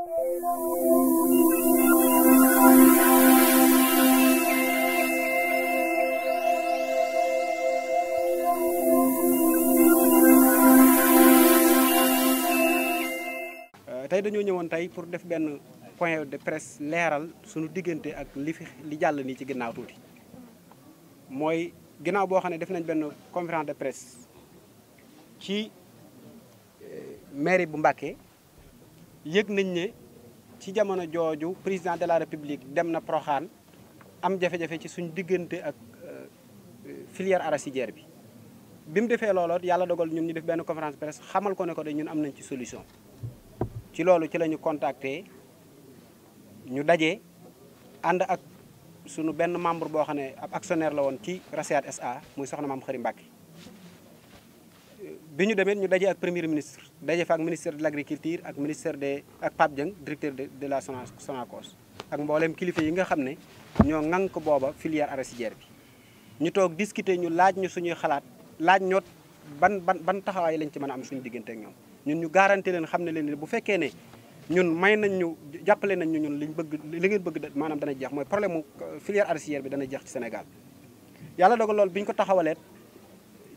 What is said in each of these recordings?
Euh, tey dañoo ñëwoon tey pour def benn point de presse leeral suñu diggante ak li fi li jàll ni ci ginnaaw tuuti mooy ginnaaw boo xam ne def nañ benn conférence de presse ci euh, mairie bu Mbacké yëg nañ ne ci jamono jooju président de la république dem na proxaan am jafe-jafe ci suñ diggante ak euh, filière arachidière bi bi mu defee looloot yàlla dogal ñun ñu def benn conférence presse xamal ko ne ko de ñun am nañ ci solution ci loolu ci lañu ñu ñu daje ànd ak sunu benn membre boo xam ne ab actionnaire la woon ci Rasiat SA muy soxna maam Xëri Mbàkke bi ñu demee ñu daje ak premier ministre daje fa ak ministère de l' agriculture ak ministère des ak Pape Dieng directeur de la Sonacos ak mbooleem kilifa yi nga xam ne ñoo ŋànk booba filière arachidière bi ñu toog discuter ñu laaj ñu suñuy xalaat laaj ñoot ban ban ban taxawaay lañ ci mën a am suñu diggante ñoom ñun ñu garanti leen xam ne leen bu fekkee ne ñun may nañ ñu jàppale nañ ñu ñun ñu bëgg li ngeen bëgg maanaam dana jeex mooy problème mu filière arachidière bi dana jeex ci Sénégal yàlla dogal loolu bi ñu ko taxawaleet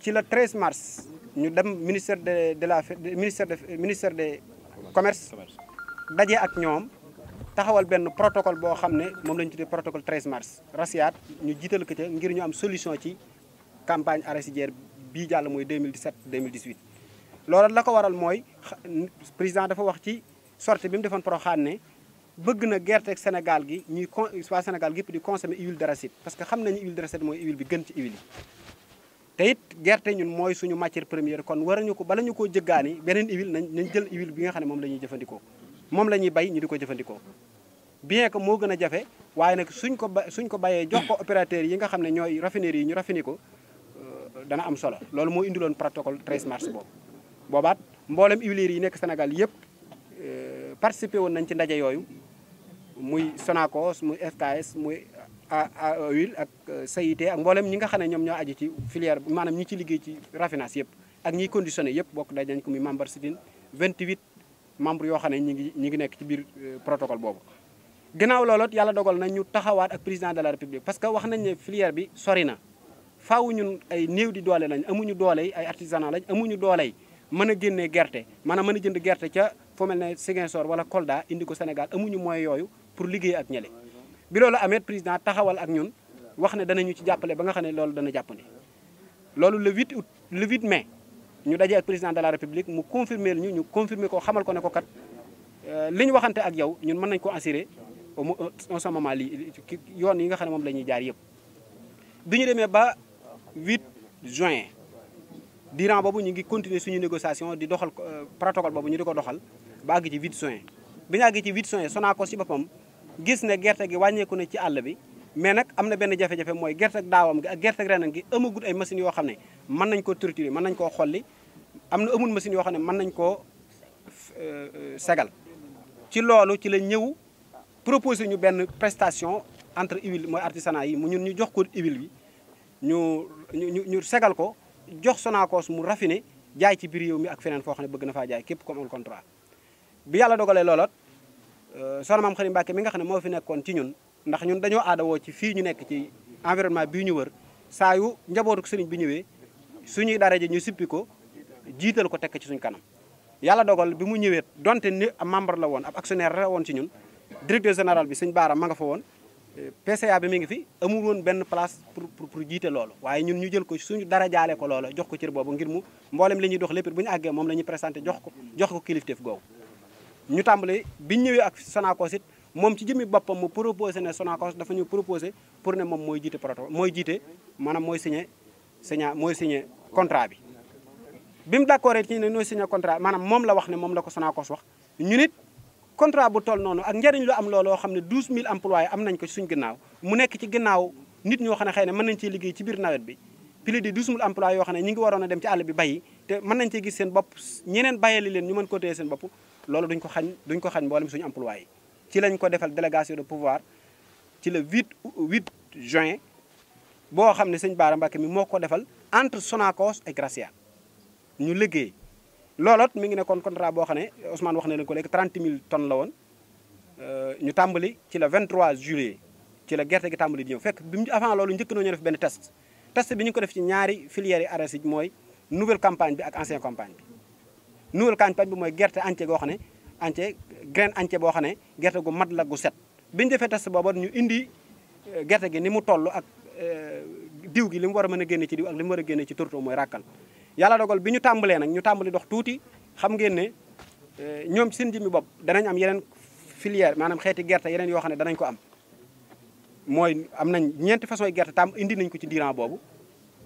ci la 13 mars ñu dem ministère de de la ministère de ministère de commerce daje ak ñoom taxawal benn protocole boo xam ne moom la ñu tuddee protocole 13 mars rasiat ñu jiital ko ca ngir ñu am solution ci campagne arachidière bii jàll mooy 2017 2018 loolu la ko waral mooy président dafa wax ci sortie bi mu defoon Porokhane ne bëgg na gerte ak Sénégal gi ñuy waa Sénégal gépp di consommer huile parce que xam nañu huile d'arachide mooy huile bi gën ci huile te it gerte ñun mooy suñu matière première kon war ñu ko bala ñu koo jëggaani beneen huile nañ nañ jël huile bi nga xam ne moom la jëfandikoo moom la ñuy bay ñu di ko jëfandikoo bien que moo gën a jafe waaye nag suñ ko suñ ko bayee jox ko opérateur yi nga xam ne ñooy raffinerie yi ñu raffiné ko euh, dana am solo loolu moo indiloon protocole 13 mars boobu boobaat mboolem huiliers yi nekk senegal yëpp euh, participé woon nañ ci ndaje yooyu muy Sonacos muy FKS muy à huile ak CIT euh, ak mboolem ñi nga xam ne ñoom ñoo aju ci filière maanaam ñi ci liggéey ci raffinage yëpp ak ñiy conditionné yëpp bokk daj nañ ko muy membre sidine 28 membre yoo xam ne ñi ngi ñi ngi nekk ci biir euh, protocole boobu gannaaw looloot yàlla dogal na ñu taxawaat ak président de la république parce que wax nañ ne filière bi sori na faaw ñun ay néew di doole lañ amuñu doole ay artisanat lañ amuñu doole mën a génnee gerte maanaam mën a jënd gerte ca fu mel ne Ziguinchor wala Kolda indi ko Sénégal amuñu moyen yooyu pour liggéey ak ñële bi loolu amee président taxawal ak ñun wax ne danañu ci jàppale ba nga xam ne loolu dana jàppandi loolu le 8 août le 8 ñu daje ak président de la république mu confirmer ñu ñu confirmer ko xamal ko ne ko kat euh, li ñu waxante ak yow ñun mën nañ ko assurer au sama euh, moment lii yoon yi nga xam ne moom lañuy jaar yëpp. bi ñu demee ba 8 juin durant boobu ñu ngi continuer suñu négociation di doxal euh, protocole boobu ñu di ko doxal ba àgg ci 8 juin bi ñu àgg ci 8 juin Sonacos ci boppam. gis ne gerte gi wàññeeku na ci àll bi mais nag am na benn jafe-jafe mooy gerte ak daawam gi ak gerte ak renam gi amagut ay machines yoo xam ne mën nañ koo triturer mën nañ koo xolli am na amul machine yoo xam ne mën nañ koo euh, euh, segal ci loolu ci la ñëw proposé ñu benn prestation entre huile mooy artisanat yi mu ñun ñu jox ko huile bi ñu ñu ñu segal ko jox Sonacos mu raffiné jaay ci biir yow mi ak feneen foo xam ne bëgg na faa jaay képp ko amul contrat bi yàlla dogalee looloot Euh, soxna maam Xari Mbàkke mi nga xam ne moo fi nekkoon ci ñun ndax ñun dañoo aadawoo ci fii ñu nekk ci environnement bii ñu wër saa yu njabootu sëriñ bi ñëwee suñuy daraja ñu sippi ko jiital ko tekk ci suñ kanam yàlla dogal bi mu ñëwee donte ni membre la woon ab actionnaire la woon ci ñun directeur général bi suñ Baara ma nga fa woon PCA bi mi ngi fi amul woon benn place pour pour jiite loolu waaye ñun ñu jël ko suñu dara jaale ko loola jox ko cër boobu ngir mu mboole li ñuy dox lépp bu ñu àggee moom la ñuy présenté jox ko jox ko kilifteef ñu tàmbali bi ñu ñëwee ak Sonacos it moom ci jëmmi boppam mu proposé ne Sonacos dafa ñu proposé pour ne moom mooy jiite protocole mooy jiite maanaam mooy signé signé mooy signé contrat bi. bi mu d' accord ci ne nooy wax ne moom la ko Sonacos wax ñu nit bu toll noonu ak njëriñ lu am looloo xam ne 12000 employés am nañ ko suñ ginnaaw mu nekk ci ginnaaw nit ñoo xam ne xëy na mën nañ cee liggéey ci biir nawet bi. plus de 12000 emplois yoo xam ne ñi ngi waroon a dem ci àll bi bayi te mën nañ cee gis seen bopp ñeneen bayali leen ñu mën ko téye seen bopp loolu duñ ko xañ duñ ko xañ mboolem suñu employé yi ci lañ ko defal délégation de pouvoir ci le 8 8 juin boo xam ne sëñ baar Mbacke mi moo ko defal entre Sonacos et Gracia ñu liggéey looloot mu ngi nekkoon contrat boo xam ne Ousmane wax ne leen ko léegi 30 mille tonnes la woon euh, ñu tàmbali ci le 23 juillet ci la gerte gi tàmbali di ñëw fekk bi mu avant loolu njëkk nañu def benn test test bi ñu ko def ci ñaari filières yi arachides mooy nouvelle campagne bi ak ancienne bi. nouvelle campagne bi mooy gerte entier goo xam ne entier graine entier boo xam ne gerte gu mat la gu set bi ñu defee test booba ñu indi euh, gerte gi ni mu toll ak euh, diw gi li mu war a mën a génne ci diw ak li mu war a génne ci tourteau mooy ràkkal yàlla dogal bi ñu tàmbalee nag ñu tàmbali dox tuuti xam ngeen ne euh, ñoom seen jëmmi bopp danañ am yeneen filière maanaam xeeti gerte yeneen yoo xam ne danañ ko am mooy am nañ ñeenti façon gerte tam indi nañ ko ci diiran boobu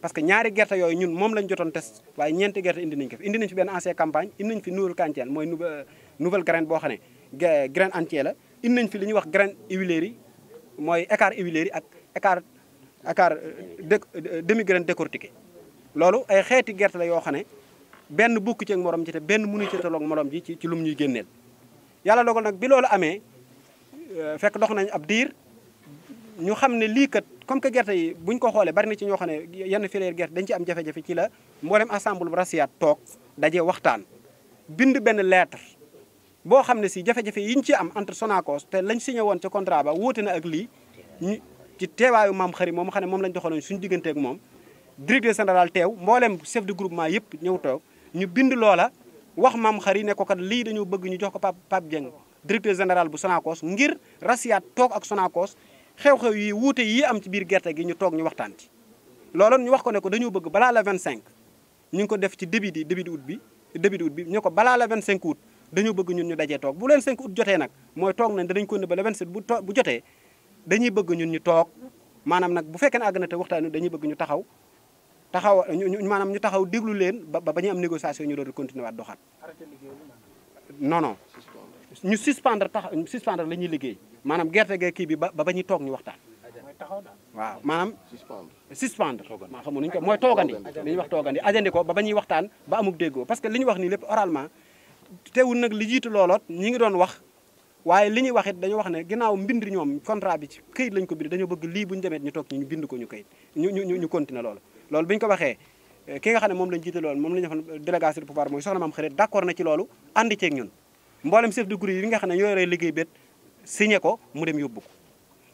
parce que ñaari gerte yooyu ñun moom lañ jotoon test waaye ñeenti gerte indi nañ ko fi indi nañ fi benn ancien campagne indi nañ fi nouvelle cantine mooy nouvelle graine boo xam ne graine entière la indi nañ fi li ñuy wax graine huilerie yi mooy écart huilerie yi ak écart écart euh, euh, demi graine décortiquée loolu ay xeeti gerte la yoo xam ne benn bukk ci ak morom ci te benn mënu ci tolloog morom ji ci ci lum ñuy génneel yàlla dogal nag bi loolu amee euh, fekk dox nañ ab diir ñu xam ne lii comme que gerte yi buñ ko xoolee bari na ci ñoo xam ne yenn filière gerte dañ ci am jafe-jafe ci la mboolem ensemble bu RACIAT toog daje waxtaan bind benn lettre boo xam ne si jafe-jafe ñu ci am entre Sonacos te lañ signé woon ca contrat ba wóote na ak lii ñu ci teewaayu maam xëri moom xam ne moom lañ doxaloon suñu diggante ak moom directeur général teew mboolem chef de groupement yëpp ñëw toog ñu bind loola wax maam xëri ne ko kat lii dañoo bëgg ñu jox ko Pape Pape Dieng directeur général bu Sonacos ngir RACIAT toog ak Sonacos xew-xew yi wuute yi am ci biir gerte gi ñu toog ñu waxtaan ci looloon ñu wax ko ne ko dañoo bëgg balaa la vingt cinq ñu ngi ko def ci début di début di août bi début di bi ñu ko balaa la 25 août dañoo bëgg ñun ñu dajee toog bu leen 5 août jotee nag mooy toog nañ danañ ko ne bu bu jotee dañuy bëgg ñun ñu toog maanaam nag bu fekkee ne na te waxtaan dañuy bëgg ñu taxaw taxaw maanaam ñu taxaw déglu leen ba ba ñu am négociation ñu doon continuer waat doxaat non non ñu suspendre tax suspendre la ñuy liggéey maanaam gerte gee kii bi ba ba ñuy toog ñu waxtaan. waaw maanaam. suspendre maa xamu nuñ ko mooy toogandi li ñuy wax toogandi ajandi ko ba ba ñuy waxtaan ba amuk déggoo parce que li ñu wax nii lépp oralement teewul nag li jiitu looloot ñi ngi doon wax waaye li ñu wax it dañoo wax ne ginnaaw mbind ñoom contrat bi ci këyit lañ ko bind dañoo bëgg lii bu ñu demee ñu toog ñu bind ko ñu këyit ñu ñu ñu continuer loolu loolu bi ñu ko waxee eh, ki nga xam ne moom lañ jiite loolu moom la ñu wax nga xam ne ñoo yore liggéey bét signé ko mu dem yóbbu ko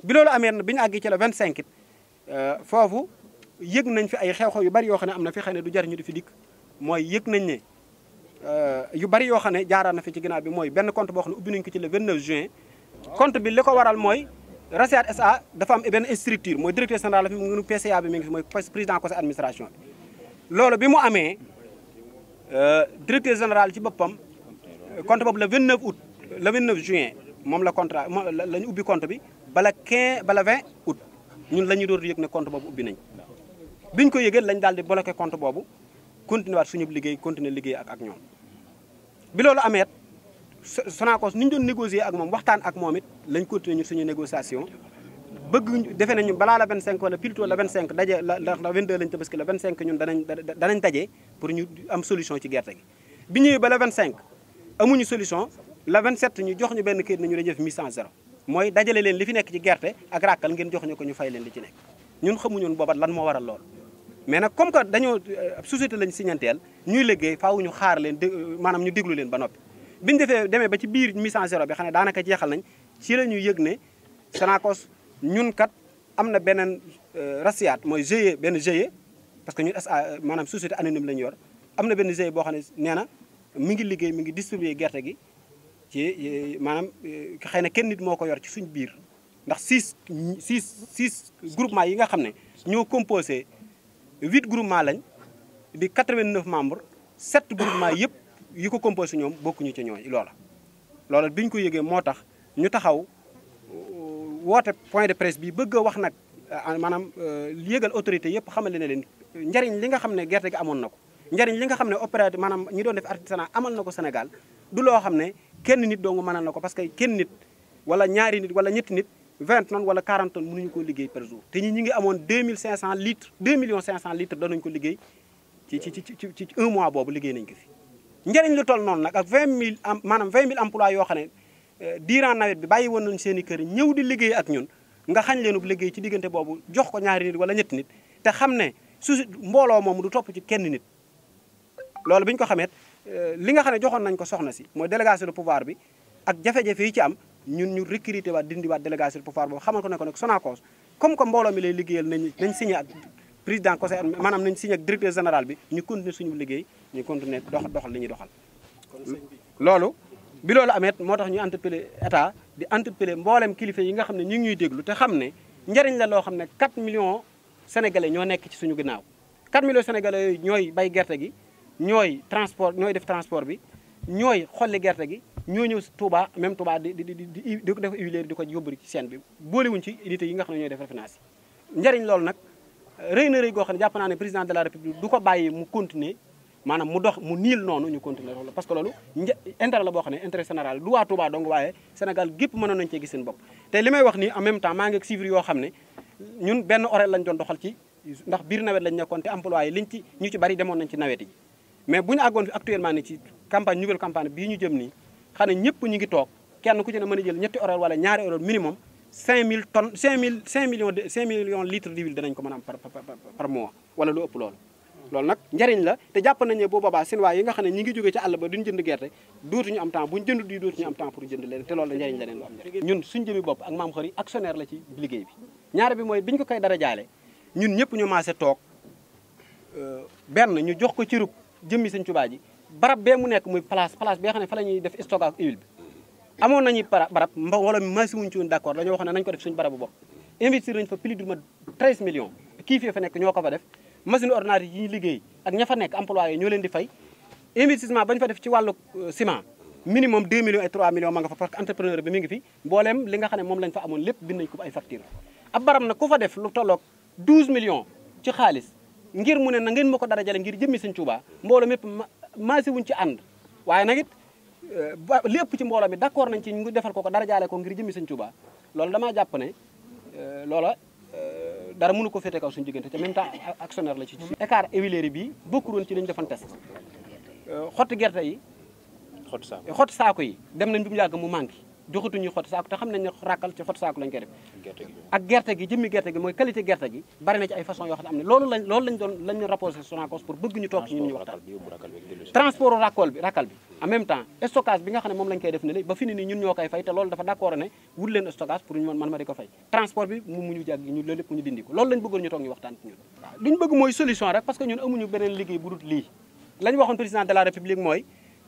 bi loolu amee na bi ñu àgg ci la 25 it euh, foofu yëg nañ fi ay xew-xew yu bari yoo xam ne am na fi xëy du jar ñu di fi dikk mooy yëg nañ ne euh, yu bari yoo xam ne jaaraan na fi ci ginnaaw bi mooy benn compte boo xam ne ubbi nañ ko ci le 29 juin. compte bi ko waral mooy Rasiat SA dafa am benn structure mooy directeur général bi mu ngi PCA bi mi ngi fi mooy président conseil administration bi. mu amee euh, directeur général ci boppam compte boobu le 29 août le 29 juin. moom la contrat moom la ñu ubbi compte bi bala 15 bala 20 août ñun la ñuy door yëg ne compte boobu ubbi nañ biñ ko yëgee lañ daal di bloqué compte boobu continué waat liggéey continué liggéey ak ak ñoom. bi loolu amee Sonacos ni ñu doon négocier ak moom waxtaan ak moom it lañ continué ñu suñu négociation bëgg defe nañu balaa la 25 wala plutôt la cinq daje la la 22 lañ tabaski la 25 ñun danañ danañ daje pour ñu am solution ci gerte gi. bi ñëwee ba la cinq amuñu solution. le 27 ñu jox ñu benn kayit nañu dañuy def mise en zéro mooy dajale leen li fi nekk ci gerte ak ràkkal ngeen jox ñu ko ñu fay leen li ci nekk ñun xamuñoon booba lan moo waral loolu mais nag comme que dañoo euh, société lañ signanteel ñuy liggéey faaw ñu xaar leen euh, maanaam ñu déglu leen ba nopp biñu defee demee ba ci biir mise en zéro bi xam ne daanaka jeexal nañ ci la ñuy yëg ne Sonacos ñun kat am na beneen euh, rasiyaat mooy GIE benn GIE parce que ñun SA maanaam société anonyme la ñu yor am na benn GIE boo xam ne nee na mi ngi liggéey mi ngi distribuer gerte gi ci e, maanaam e, xëy na kenn nit moo ko yor ci suñ biir ndax six six six groupement yi nga xam ne ñoo composé huit groupement lañ di quatre-vingt-neuf membres sept groupement yëpp yi ko composé ñoom bokkuñu ci ñooy loola loola bi ñu ko yëgee moo tax ñu taxaw woote point de presse bi bëgg a wax nag maanaam e, yéegal autorité yëpp xamale ne leen njariñ li nga xam ne gerte gi amoon na ko njariñ li nga xam ne opérateur maanaam ñi doon def artisanat amal na ko Sénégal du loo xam ne kenn nit doo nga na ko parce que kenn nit wala ñaari nit wala ñetti nit 20 tonnes wala 40 tonnes mënuñu ko liggéey par jour te ñi ñi ngi amoon 2500 litres 2 millions 500 litres danañ ko liggéey ci ci ci ci mois boobu liggéey nañ ko fi njëriñ lu toll noonu nag ak 20000 am maanaam 20000 emplois yoo xam ne euh, durant nawet bi bàyyi woon nañ seen i kër ñëw di liggéey ak ñun nga xañ leenub liggéey ci diggante boobu jox ko ñaari nit wala ñett nit te xam ne su mbooloo moomu du topp ci kenn nit loolu bi ñu ko xamee li nga xam ne joxoon nañ ko soxna si mooy délégation de pouvoir bi ak jafe-jafe yi ci am ñun ñu recruter waat dindi waat délégation de pouvoir boobu xamal ko ne ko nag Sonacos comme que mbooloo mi lay liggéeyal nañ nañ signé ak président conseil maanaam nañ signé ak directeur général bi ñu continuer suñu liggéey ñu continuer dox doxal li ñuy doxal loolu bi loolu ameet moo tax ñu interpellé état di interpellé mboolem kilifa yi nga xam ne ñu ngi ñuy déglu te xam ne njëriñ la loo xam ne 4 millions sénégalais ñoo nekk ci suñu ginnaaw 4 millions sénégalais ñooy bay gerte gi ñooy transport ñooy def transport bi ñooy xolli gerte gi ñoo ñëw Touba même Touba di di di di def huilier di ko yóbbu ci seen bi boolewuñ ci unité yi nga xam ne ñooy def réfinance yi njëriñ loolu na rëy goo xam ne jàpp président de la république ko bàyyi mu continuer maanaam mu mu niil noonu ñu continuer loolu parce que loolu intérêt la boo xam ne intérêt général du waa Touba dong waaye Sénégal gépp mënoon nañu cee gis seen bopp te li may wax nii temps maa ngi ak chiffres yoo ne ñun benn horaire lañ doon doxal ci ndax biir nawet lañ nekkoon te emploi yi liñ ci ñu ci bari demoon nañ ci nawet yi mais bu ñu àggoon fi actuellement ni ci campagne nouvelle campagne bii ñu jëm nii xam ne ñu toog kenn ku ci ne mën a jël ñetti horaire wala ñaari horaire minimum 5000 tonnes 5000 5 millions de 5 millions litres d'huile danañ ko mën a par mois wala lu ëpp loolu. loolu nag njariñ la te jàpp nañ ne boo boobaa seen waa yi nga xam ne ñi ngi jógee ci àll ba duñ jënd gerte dootuñu am temps buñ jënd di dootuñu am temps pour jënd leen te loolu njariñ la leen ñun suñ jëmi bopp ak maam xëri bi ñaare bi mooy biñ ko koy dara jaale ñun ñëpp ñu maase toog euh, benn ñu jox ko ci rub jëmmi sañ Tuubaa ji barab bee mu nekk muy place place bi nga xam ne fa la def stock ak huile bi amoon nañu barab mba wala maasi wuñ ci woon dañoo wax ne ko def suñu barabu bopp investir nañ fa plus de 13 millions kii fee fa nekk ñoo ko fa def machine ordinaire yi ñu fa nekk employé ñoo leen di fay investissement bañ fa def ci wàllu euh, ciment minimum 2 millions et 3 millions ma nga fa parce que entrepreneur bi mi ngi fi mbooleem li nga xam ne moom lañ fa amoon lépp bind nañ ko ay facture ab barab nag ku fa def lu tolloog 12 millions ci xaalis ngir mu ne na ngeen ma ko darajale ngir jëmmi sëñ Tuuba mbooloo mépp maasi wuñ ci ànd waaye nag it eh, lépp ci mbooloo mi d'accord nañ ci ñu defal ko ko darajaale ko ngir jëmmi sëñ Tuuba loolu damaa jàpp ne eh, loola eh, dara mënu ko féete kaw suñ diggante te même temps actionnaire la ci écart huilière bi bokkul woon ci li ñu defoon test xotti gerte yi xotti saako yi dem nañ bi mu yàgg mu manqué joxatuñu xottu saako te xam nañ ne ràkkal ci xottu lañ koy def ak gerte gi jëmmi gerte gi mooy qualité gerte gi bari ci ay façon yoo xam ne loolu lañ loolu lañ doon lañ ñu rapporté ñu toog ñu waxtaan en même def ko ñu dindi ko loolu lañ bëgg mooy solution rek parce que ñun amuñu beneen liggéey bu dul lii lañ waxoon président de la république mooy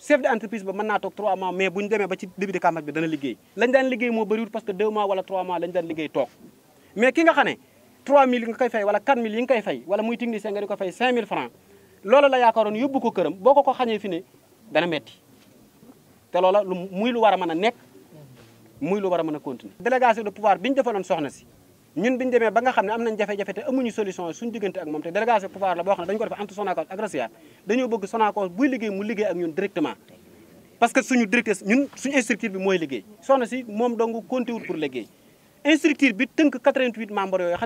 chef d'entreprise ba mën naa toog 3 mois mais bu ñu demee ba ci début de campagne bi dana liggéey lañ daan liggéey moo bëriwul parce que 2 mois wala 3 mois lañ daan liggéey toog mais ki nga xam ne 3000 nga koy fay wala 4000 yi nga koy fay wala muy technicien nga di ko fay 5000 francs loola la yaakaaroon yóbbu ko këram boo ko ko xañee fi dana metti te loola lu muy lu war a mën a nekk muy lu war a mën a continuer délégation de pouvoir si ñun bi ñu demee ba nga xam ne am nañ jafe-jafe te amuñu solution suñu diggante ak moom te délégation pouvoir la boo xam ne dañu ko def entre Sonacos ak mooy liggéey soxna si moom dong compté wul pour liggéey structure bi tënk 88 membres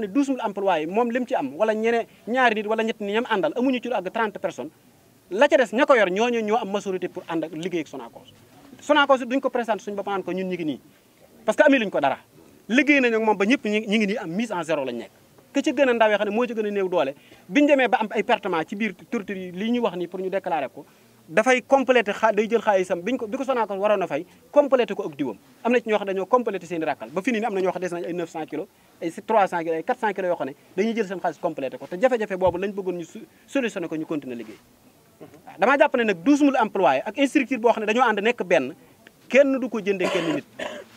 moom lim ci am wala ñene ñaari nit wala ñett nit ñam àndal amuñu ci lu àgg 30 personnes la ca des ña ko duñ ko présenté suñu bopp naan ko ñun ñu ngi nii parce que amuñu ko dara liggéey nañu ak moom ba ñëpp ñi ngi nii am mise en zéro lañ nekk ke ci gën a ndawee xam moo ci gën a néew doole biñu demee ba am ay ci biir torture yi lii ñuy wax nii pour ñu déclarer ko dafay complété ko a fay complété ko ak diwam am na ci ñoo xam dañoo complété seen i rakkal ba fi nii am na ñoo xam des nañ ko te jafe-jafe boobu lañ bëggoon ñu solutionné ko ñu continuer liggéey damaa jàpp ne nag 12000 employés ak instructeur boo xam ne dañoo ànd nekk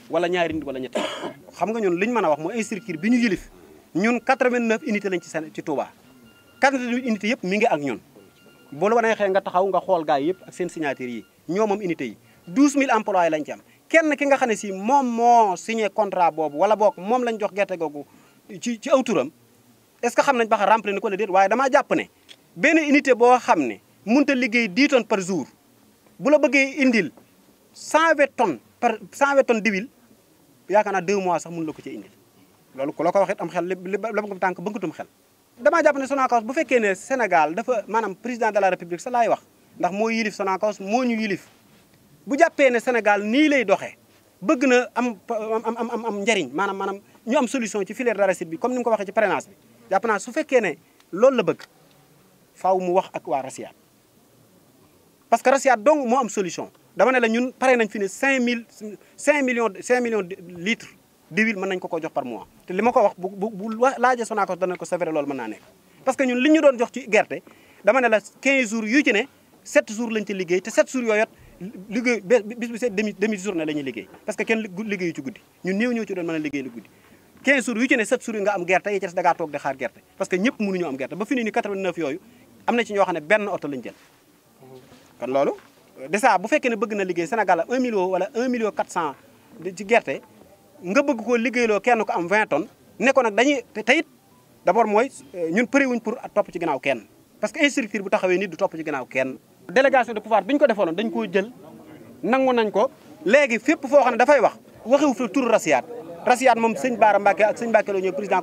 wala ñaari nit wala ñetti xam nga ñun li ñu mën a wax mooy instructeur bi ñu yilif ñun 89 unité lañ ci seen ci Touba 89 unité yëpp mi ngi ak ñun bu la neexee nga taxaw nga xool gaay yëpp seen signataires yi ñoo moom unité yi 12000 employés lañ ci am kenn ki nga xam ne si moom moo signé contrat boobu wala boog moom lañ jox gerte googu ci ci aw turam est-ce que xam nañ baxa xam remplir ko la déet waaye damaa jàpp ne benn unité boo xam ne mënut a liggéey 10 tonnes par jour bu la bëggee indil 120 tonnes par 120 tonnes d'huile yaakaar naa deux mois sax mën la ko ci indil loolu ku ko wax am xel li la ko tànk bëggatum xel damaa jàpp ne Sonacos bu fekkee ne Sénégal dafa maanaam président de la république sa laay wax ndax moo yilif Sonacos moo ñu yilif bu jàppee ne Sénégal nii lay doxee bëgg na am am am am njariñ maanaam maanaam ñu am solution ci filière d'arachide bi comme ni mu ko waxee ci prénance bi jàpp naa su fekkee ne loolu la bëgg faaw mu wax ak waa Rasiaat parce que Rasiaat dong moo am solution dama ne la ñun pare nañ fi ne 5000 millions 5 millions de litres d'huile nañ ko ko jox par mois. te li ma ko wax bu bu bu laajee Sonacos dana ko sévère loolu mën naa nekk parce que ñun li ñu doon jox ci gerte dama ne la 15 jours yu ci ne 7 jours lañ ci liggéey te 7 jours yooyu it liggéey bis demi demi journée la liggéey. parce que kenn liggéeyu ci guddi ñun néew ñoo ci doon mën a liggéey lu guddi. 15 jours yu ci ne 7 jours yi nga am déjà bu fekkee ne bëgg na liggéey Sénégal am 1 million wala 1 million ci gerte nga bëgg koo liggéeyloo kenn ko am 20 tonnes ne ko nag dañuy te it d'abord mooy euh, ñun përi wuñ pour topp ci ginnaaw kenn parce que instructeur bu taxawee nit du topp ci ginnaaw kenn. délégation de pouvoir bi ñu ko defoonoon dañ koo jël nangu nañ ko léegi fépp foo xam ne dafay wax waxiwu fi tur rasiyaat rasiyaat moom sëñ Baara Mbacke ak sëñ Mbacke la ñëw président